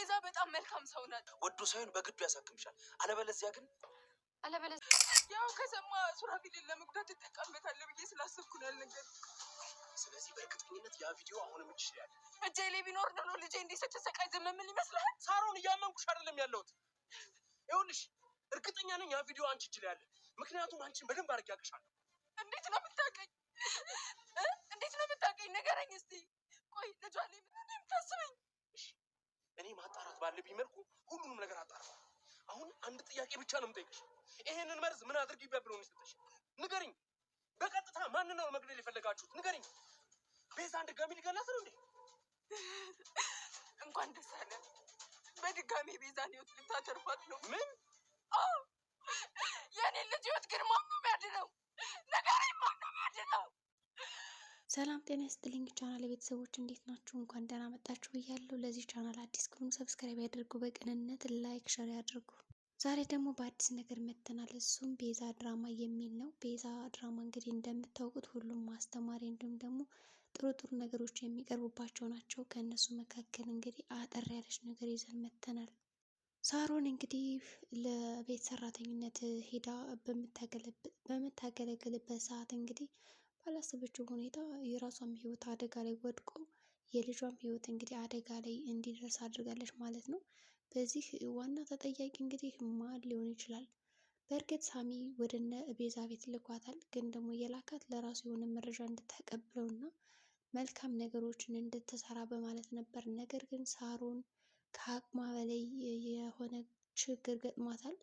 ቤዛ በጣም መልካም ሰው ናት። ወዶ ሳይሆን በግዱ ያሳክምሻል። አለበለዚያ ግን አለበለዚያ ያው ከሰማ ሱራፊልን ለመጉዳት እጠቀምበታለሁ ብዬ ስላሰብኩ ነው ያልነገርኩት። ስለዚህ በእርግጠኝነት ያ ቪዲዮ አሁንም እጅሽ ላይ አለ። እጄ ላይ ቢኖር ኖሮ ልጄ እንዴት ስትሰቃይ ዝም ምን ይመስላል? ሳሮን እያመንኩሽ አይደለም ያለሁት። ይኸውልሽ እርግጠኛ ነኝ ያ ቪዲዮ አንቺ እጅ ላይ አለ። ምክንያቱም አንቺን በደንብ አድርጌ አውቅሻለሁ። እንዴት ነው የምታውቀኝ? እንዴት ነው የምታውቀኝ? ንገረኝ እስኪ። ቆይ ልጇ ላይ ምን ታስበኝ እኔ ማጣራት ባለብኝ መልኩ ሁሉንም ነገር አጣራ። አሁን አንድ ጥያቄ ብቻ ነው የምጠይቅሽ። ይሄንን መርዝ ምን አድርጊ ብሎ ነው ንገሪኝ። በቀጥታ ማን ነው መግደል የፈለጋችሁት? ንገሪኝ። ቤዛን ድጋሚ ሊገላት ነው እንዴ? እንኳን ደስ አለ። በድጋሚ ቤዛን ህይወት ልታተርፋት ነው። ምን? የኔን ልጅ ህይወት ግን ማን ነው የሚያድነው? ንገሪኝ፣ ማን ነው የሚያድነው? ሰላም ጤና ይስጥልኝ ቻናል ቤተሰቦች እንዴት ናችሁ? እንኳን ደህና መጣችሁ ብያለሁ። ለዚህ ቻናል አዲስ ከሆኑ ሰብስክራይብ ያድርጉ፣ በቅንነት ላይክ ሸር ያድርጉ። ዛሬ ደግሞ በአዲስ ነገር መጥተናል። እሱም ቤዛ ድራማ የሚል ነው። ቤዛ ድራማ እንግዲህ እንደምታውቁት ሁሉም ማስተማሪ እንዲሁም ደግሞ ጥሩ ጥሩ ነገሮች የሚቀርቡባቸው ናቸው። ከእነሱ መካከል እንግዲህ አጠር ያለች ነገር ይዘን መጥተናል። ሳሮን እንግዲህ ለቤት ሰራተኝነት ሄዳ በምታገለግልበት ሰዓት እንግዲህ ባላሰበችው ሁኔታ የራሷም ህይወት አደጋ ላይ ወድቆ የልጇም ህይወት እንግዲህ አደጋ ላይ እንዲደርስ አድርጋለች ማለት ነው። በዚህ ዋና ተጠያቂ እንግዲህ ማን ሊሆን ይችላል? በእርግጥ ሳሚ ወደ እነ ቤዛ ቤት ልኳታል። ግን ደግሞ የላካት ለራሱ የሆነ መረጃ እንድታቀብለው እና መልካም ነገሮችን እንድትሰራ በማለት ነበር። ነገር ግን ሳሮን ከአቅሟ በላይ የሆነ ችግር ገጥሟታል።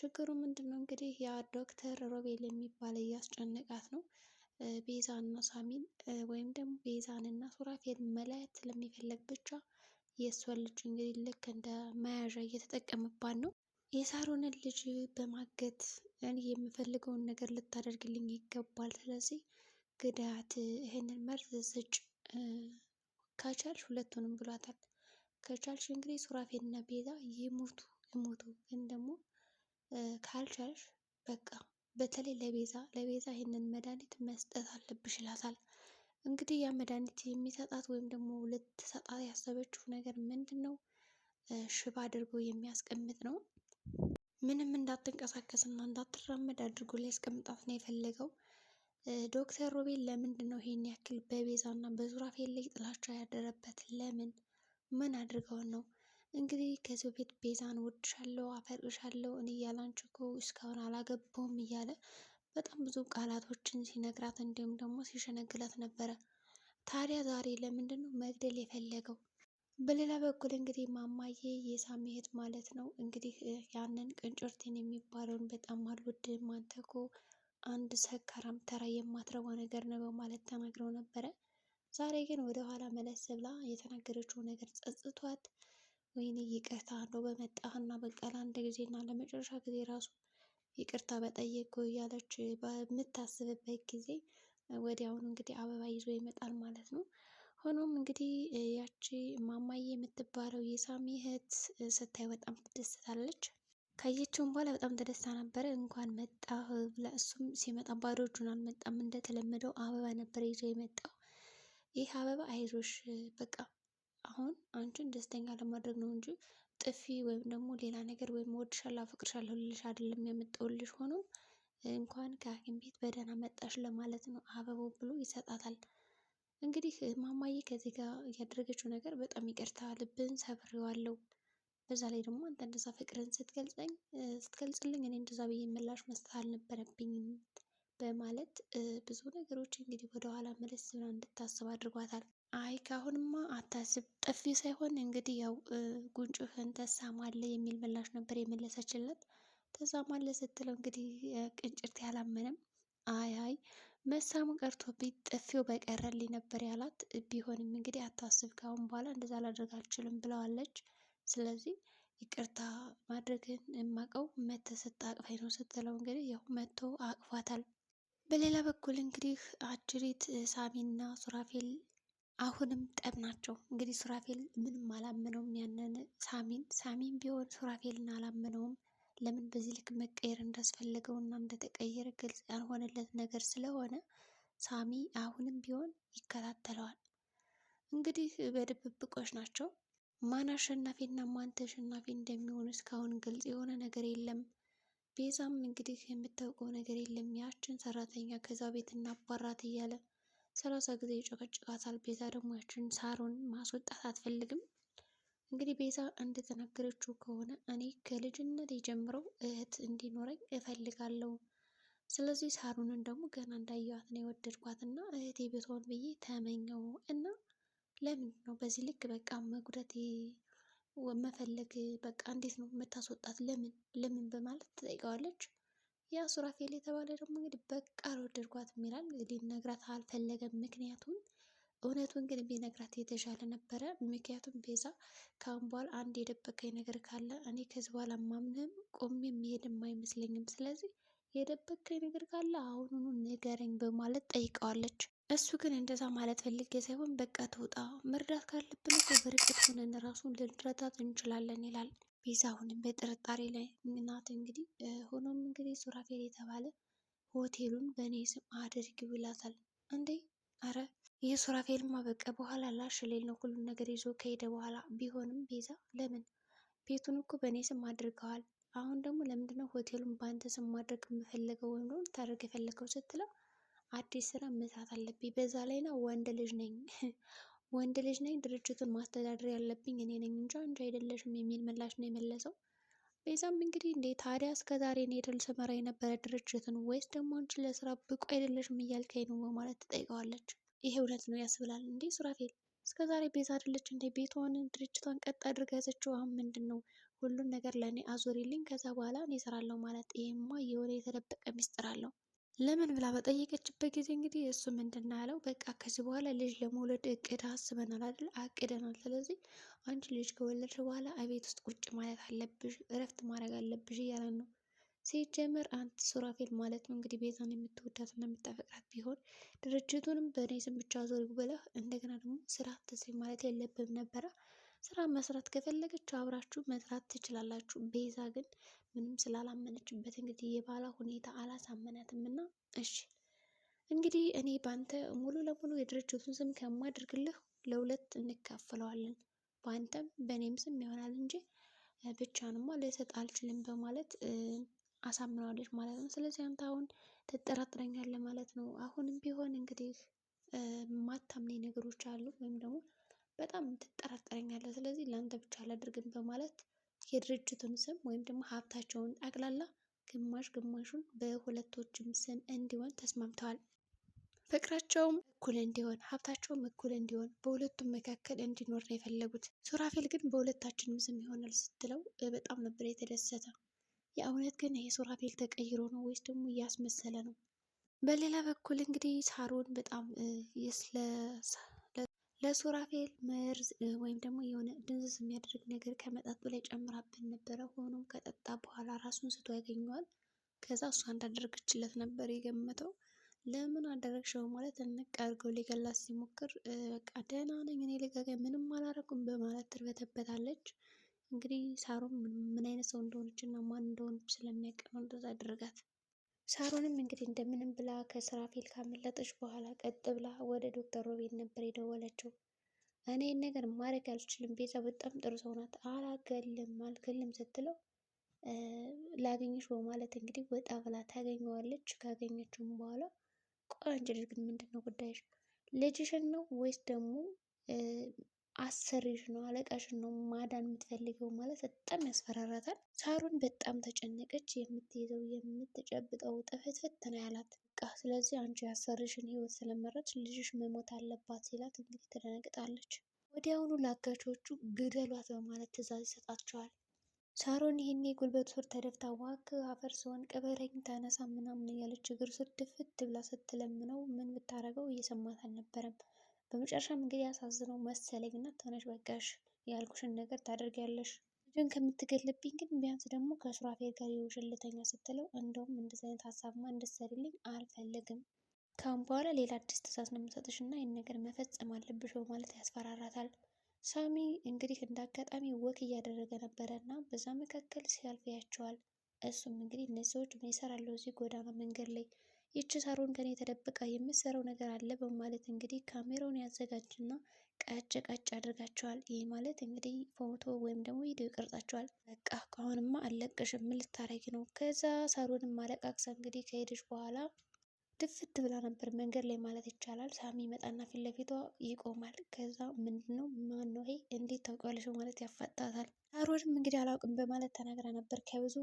ችግሩ ምንድን ነው እንግዲህ ያ ዶክተር ሮቤል የሚባል እያስጨነቃት ነው። ቤዛና ሳሚን ወይም ደግሞ እና ሱራፌል መለያየት ስለሚፈለግ ብቻ የእሷን ልጅ እንግዲህ ልክ እንደ መያዣ እየተጠቀመባት ነው። የሳሮንን ልጅ በማገት እኔ የምፈልገውን ነገር ልታደርግልኝ ይገባል፣ ስለዚህ ግዳያት ይህንን መርዝ ስጭ፣ ከቻልሽ ሁለቱንም ብሏታል። ከቻልሽ እንግዲህ ሱራፌልና ቤዛ ይሞቱ ይሞቱ፣ ግን ደግሞ ካልቻልሽ በቃ በተለይ ለቤዛ ለቤዛ ይህንን መድኃኒት መስጠት አለብሽ ይላታል። እንግዲህ ያ መድኃኒት የሚሰጣት ወይም ደግሞ ልትሰጣት ያሰበችው ነገር ምንድን ነው? ሽባ አድርጎ የሚያስቀምጥ ነው። ምንም እንዳትንቀሳቀስ እና እንዳትራመድ አድርጎ ሊያስቀምጣት ነው የፈለገው። ዶክተር ሮቤል ለምንድን ነው ይህን ያክል በቤዛ እና በዙራፌል ላይ ጥላቻ ያደረበት? ለምን ምን አድርገው ነው? እንግዲህ ከዚህ በፊት ቤዛን ወድሻለሁ፣ አፈቅርሻለሁ እኔ ያላንቺ እኮ እስካሁን አላገባሁም እያለ በጣም ብዙ ቃላቶችን ሲነግራት እንዲሁም ደግሞ ሲሸነግላት ነበረ። ታዲያ ዛሬ ለምንድን ነው መግደል የፈለገው? በሌላ በኩል እንግዲህ ማማዬ የሳሚ እህት ማለት ነው እንግዲህ ያንን ቅንጭርቴን የሚባለውን በጣም አልወድም፣ አንተ እኮ አንድ ሰካራም ተራ የማትረባ ነገር ነው በማለት ተናግረው ነበረ። ዛሬ ግን ወደኋላ መለስ ብላ የተናገረችው ነገር ጸጽቷት ወይኔ ይቅርታ እንደው በመጣህና በቃ ለአንድ ጊዜና ለመጨረሻ ጊዜ ራሱ ይቅርታ በጠየቁ እያለች በምታስብበት ጊዜ ወዲያውኑ እንግዲህ አበባ ይዞ ይመጣል ማለት ነው። ሆኖም እንግዲህ ያቺ ማማዬ የምትባለው የሳሚ እህት ስታይ በጣም ትደስታለች። ካየችውን በኋላ በጣም ተደስታ ነበረ። እንኳን መጣ ብላ እሱም ሲመጣ ባዶ እጁን አልመጣም። እንደተለመደው አበባ ነበር ይዞ የመጣው። ይህ አበባ አይዞሽ በቃ አሁን አንቺን ደስተኛ ለማድረግ ነው እንጂ ጥፊ ወይም ደግሞ ሌላ ነገር ወይም እወድሻለሁ፣ አፈቅርሻለሁ ልልሽ አይደለም የመጣሁልሽ። ሆኖ እንኳን ከሐኪም ቤት በደህና መጣሽ ለማለት ነው አበባው ብሎ ይሰጣታል። እንግዲህ ማማዬ ከዚህ ጋር ያደረገችው ነገር በጣም ይቅርታ፣ ልብን ሰብሬዋለሁ። በዛ ላይ ደግሞ አንተ እንደዛ ፍቅርን ስትገልጸኝ ስትገልጽልኝ እኔ እንደዛ ብዬ ምላሽ መስጠት አልነበረብኝም በማለት ብዙ ነገሮች እንግዲህ ወደኋላ መለስ ብላ እንድታስብ አድርጓታል። አይ ካሁንማ አታስብ፣ ጥፊ ሳይሆን እንግዲህ ያው ጉንጩህን ተሳማለ የሚል ምላሽ ነበር የመለሰችለት። ተሳማለ ስትለው እንግዲህ ቅንጭርት ያላመነም አይ አይ መሳሙ ቀርቶብኝ ጥፊው በቀረልኝ ነበር ያላት። ቢሆንም እንግዲህ አታስብ፣ ካሁን በኋላ እንደዛ ላደርግ አልችልም ብለዋለች። ስለዚህ ይቅርታ ማድረግን የማቀው መተሰጥ አቅፋይ ነው ስትለው እንግዲህ ያው መቶ አቅፏታል። በሌላ በኩል እንግዲህ አጅሪት ሳሚና ሱራፌል አሁንም ጠብ ናቸው። እንግዲህ ሱራፌል ምንም አላመነውም ያንን ሳሚን፣ ሳሚን ቢሆን ሱራፌልን አላመነውም። ለምን በዚህ ልክ መቀየር እንዳስፈለገው እና እንደተቀየረ ግልጽ ያልሆነለት ነገር ስለሆነ ሳሚ አሁንም ቢሆን ይከታተለዋል። እንግዲህ በድብብቆች ናቸው። ማን አሸናፊ እና ማን ተሸናፊ እንደሚሆኑ እስካሁን ግልጽ የሆነ ነገር የለም። ቤዛም እንግዲህ የምታውቀው ነገር የለም ያችን ሰራተኛ ከዛ ቤት እናባራት እያለ ሰላሳ ጊዜ ይጨቀጭቃታል። ቤዛ ደግሞ ያችን ሳሮን ማስወጣት አትፈልግም። እንግዲህ ቤዛ እንደተናገረችው ከሆነ እኔ ከልጅነት ጀምረው እህት እንዲኖረኝ እፈልጋለሁ። ስለዚህ ሳሩንን ደግሞ ገና እንዳየዋት ነው የወደድኳት እና እህቴ ብትሆን ብዬ ተመኘው እና ለምን ነው በዚህ ልክ በቃ መጉዳት መፈለግ በቃ እንዴት ነው የምታስወጣት ለምን ለምን በማለት ትጠይቀዋለች። ያ ሱራፌል የተባለ ደግሞ እንግዲህ በቃ አልወደድኳትም የሚላል እንግዲህ ነግራት አልፈለገም። ምክንያቱም እውነቱን ግን ቢነግራት የተሻለ ነበረ። ምክንያቱም ቤዛ ከአሁን በኋላ አንድ የደበቀኝ ነገር ካለ እኔ ከዚህ በኋላ ማምንም ቆሜ የሚሄድም አይመስለኝም። ስለዚህ የደበቀኝ ነገር ካለ አሁኑኑ ንገረኝ በማለት ጠይቀዋለች። እሱ ግን እንደዛ ማለት ፈልጌ ሳይሆን በቃ ትውጣ፣ መርዳት ካለብን በርቀት ሆነን ራሱን ልንረዳት እንችላለን ይላል። ቤዛ አሁንም በጥርጣሬ ላይ ናት። እንግዲህ ሆኖም እንግዲህ ሱራፌል የተባለ ሆቴሉን በእኔ ስም አድርግ ይላታል። እንዴ አረ የሱራፌልማ በቃ በኋላ ላሽ ሌል ነው ሁሉም ነገር ይዞ ከሄደ በኋላ ቢሆንም ቤዛ ለምን ቤቱን እኮ በእኔ ስም አድርገዋል። አሁን ደግሞ ለምንድነው ሆቴሉን በአንተ ስም ማድረግ የምፈልገው ወይም ደግሞ ታደርግ የፈለገው ስትለው አዲስ ስራ መስራት አለብኝ። በዛ ላይ ነው ወንድ ልጅ ነኝ ወንድ ልጅ ነኝ፣ ድርጅቱን ማስተዳደር ያለብኝ እኔ ነኝ እንጂ አንቺ አይደለሽም የሚል ምላሽ ነው የመለሰው። ቤዛም እንግዲህ እንዴ ታዲያ እስከ ዛሬ እኔ ድል ስመራ የነበረ ድርጅትን ወይስ ደግሞ አንቺ ለስራ ብቁ አይደለሽም እያልከኝ ነው በማለት ትጠይቀዋለች። ይሄ እውነት ነው ያስብላል። እንዴ ሱራፌል እስከ ዛሬ ቤዛ አይደለች እንዴ ቤቷን ድርጅቷን ቀጥ አድርጋ ያዘችው? አሁን ምንድን ነው ሁሉን ነገር ለእኔ አዙሪልኝ፣ ከዛ በኋላ እኔ እሰራለሁ ማለት ይሄማ የሆነ የተደበቀ ሚስጥር አለው። ለምን ብላ በጠየቀችበት ጊዜ እንግዲህ እሱ ምንድን ያለው በቃ ከዚህ በኋላ ልጅ ለመውለድ እቅድ አስበናል አይደል? አቅደናል። ስለዚህ አንቺ ልጅ ከወለድሽ በኋላ አቤት ውስጥ ቁጭ ማለት አለብሽ፣ እረፍት ማድረግ አለብሽ እያለን ነው። ሲጀመር አንተ ሱራፌል ማለት ነው እንግዲህ ቤዛን እና የምታፈቅራት ቢሆን ድርጅቱንም በእኔ ስም ብቻ ዞር ብለህ እንደገና ደግሞ ስራ ትስሪ ማለት የለብም ነበረ። ስራ መስራት ከፈለገች አብራችሁ መስራት ትችላላችሁ። ቤዛ ግን ምንም ስላላመነችበት እንግዲህ የባሏ ሁኔታ አላሳመናትም እና እሺ እንግዲህ እኔ ባንተ ሙሉ ለሙሉ የድርጅቱን ስም ከማድርግልህ ለሁለት እንካፈለዋለን በአንተም በእኔም ስም ይሆናል እንጂ ብቻንማ ልሰጥ አልችልም በማለት አሳምነዋለች ማለት ነው። ስለዚህ አንተ አሁን ትጠራጥረኛለህ ማለት ነው። አሁንም ቢሆን እንግዲህ ማታምኔ ነገሮች አሉ ወይም ደግሞ በጣም ትጠራጠረኛለህ። ስለዚህ ለአንተ ብቻ አላደርግም በማለት የድርጅቱን ስም ወይም ደግሞ ሀብታቸውን ጠቅላላ ግማሽ ግማሹን በሁለቶችም ስም እንዲሆን ተስማምተዋል። ፍቅራቸውም እኩል እንዲሆን ሀብታቸውም እኩል እንዲሆን በሁለቱም መካከል እንዲኖር ነው የፈለጉት። ሱራፌል ግን በሁለታችንም ስም ይሆናል ስትለው በጣም ነበር የተደሰተ። የእውነት ግን ይሄ ሱራፌል ተቀይሮ ነው ወይስ ደግሞ እያስመሰለ ነው? በሌላ በኩል እንግዲህ ሳሮን በጣም ስለ ለሱራፌል መርዝ ወይም ደግሞ የሆነ ድንዝዝ የሚያደርግ ነገር ከመጠጡ ላይ ጨምራብን ነበረ። ሆኖም ከጠጣ በኋላ ራሱን ስቶ ያገኘዋል። ከዛ እሷ እንዳደረገችለት ነበር የገመተው። ለምን አደረግሽው ማለት እንቅ አድርገው ሊገላት ሲሞክር በቃ ደህና ነኝ እኔ ልጋጋ ምንም አላረኩም በማለት ትርበተበታለች። እንግዲህ ሳሩም ምን አይነት ሰው እንደሆነች እና ማን እንደሆነች ስለሚያውቅ አደረጋት። ሳሮንም እንግዲህ እንደምንም ብላ ከስራፌል ካመለጠች በኋላ ቀጥ ብላ ወደ ዶክተር ሮቤል ነበር የደወለችው። እኔ ነገር ማድረግ አልችልም፣ ቤዛ በጣም ጥሩ ሰው ናት፣ አላገልም አልገልም ስትለው ላገኘሽ በማለት እንግዲህ ወጣ ብላ ታገኘዋለች። ካገኘችውም በኋላ ቆንጆ ልጅ ግን ምንድን ነው ጉዳይሽ? ልጅሽን ነው ወይስ ደግሞ አሰሪሽን ነው አለቃሽን ነው ማዳን የምትፈልገው ማለት በጣም ያስፈራራታል። ሳሮን በጣም ተጨነቀች። የምትይዘው የምትጨብጠው ጥፍትፍት ነው ያላት። በቃ ስለዚህ አንቺ ያሰሪሽን ህይወት ስለመረች ልጅሽ መሞት አለባት ሲላት እንግዲህ ትደነግጣለች። ወዲያውኑ ለአጋቾቹ ግደሏት በማለት ትእዛዝ ይሰጣቸዋል። ሳሮን ይህኔ ጉልበት ስር ተደፍታ ዋክ አፈር ሲሆን ቅበረኝ ተነሳ ምናምን እያለች እግር ስር ድፍት ብላ ስትለምነው ምን ብታረገው እየሰማት አልነበረም። በመጨረሻም እንግዲህ ያሳዝነው መሰለኝ እና ተነሽ በቃሽ ያልኩሽን ነገር ታደርጊያለሽ ግን ከምትገልብኝ ግን ቢያንስ ደግሞ ከሱራፌል ጋር የውሽልተኛ ስትለው እንደውም እንደዚህ አይነት ሀሳብማ እንድትሰሪልኝ አልፈልግም ካሁን በኋላ ሌላ አዲስ ትእዛዝ ነው የምሰጥሽ እና ይህን ነገር መፈጸም አለብሽ በማለት ያስፈራራታል። ሳሚ እንግዲህ እንዳጋጣሚ ወክ እያደረገ ነበረ እና በዛ መካከል ሲያልፍ ያቸዋል። እሱም እንግዲህ እነዚህ ሰዎች ምን ይሰራሉ እዚህ ጎዳና መንገድ ላይ ይቺ ሳሮን ከኔ ተደብቃ የምትሰራው ነገር አለ በማለት እንግዲህ ካሜራውን ያዘጋጅና ቀጭ ቀጭ አድርጋቸዋል። ይህ ማለት እንግዲህ ፎቶ ወይም ደግሞ ቪዲዮ ይቀርጻቸዋል። በቃ ከአሁንማ አለቅሽም ምን ልታረጊ ነው? ከዛ ሳሮንም አለቃቅሳ እንግዲህ ከሄደች በኋላ ድፍት ብላ ነበር መንገድ ላይ ማለት ይቻላል። ሳሚ መጣና ፊት ለፊቷ ይቆማል። ከዛ ምንድን ነው ማን ነው ይሄ እንዴት ታውቂዋለሽ? ማለት ያፋጣታል። ሳሮንም እንግዲህ አላውቅም በማለት ተናግራ ነበር። ከብዙ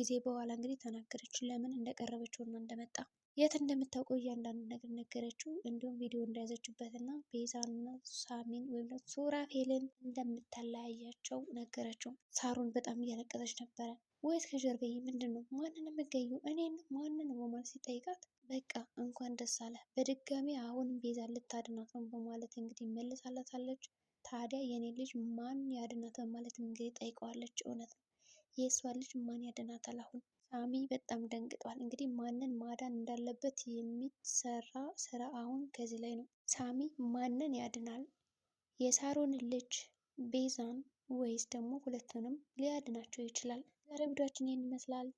ጊዜ በኋላ እንግዲህ ተናገረች፣ ለምን እንደቀረበችው እና እንደመጣ የት እንደምታውቀው እያንዳንዱ ነገር ነገረችው። እንዲሁም ቪዲዮ እንደያዘችበት እና ቤዛና ሳሚን ወይም ደግሞ ሱራፌልን እንደምታለያያቸው ነገረችው። ሳሩን በጣም እያለቀሰች ነበረ። ወይስ ከጀርባዬ ምንድን ነው ማንን እኔ እኔን ማንን በማለት ሲጠይቃት በቃ እንኳን ደስ አለ በድጋሚ አሁንም ቤዛ ልታድናት ነው በማለት እንግዲህ መልሳላታለች። ታዲያ የኔ ልጅ ማን ያድናት በማለት እንግዲህ ጠይቀዋለች። እውነት ነው የእሷ ልጅ ማን ያድናታል አሁን ሳሚ በጣም ደንግጧል። እንግዲህ ማንን ማዳን እንዳለበት የሚሰራ ስራ አሁን ከዚህ ላይ ነው። ሳሚ ማንን ያድናል? የሳሮን ልጅ ቤዛን፣ ወይስ ደግሞ ሁለቱንም ሊያድናቸው ይችላል? ዛሬ ቪዲዮአችን ይህን ይመስላል።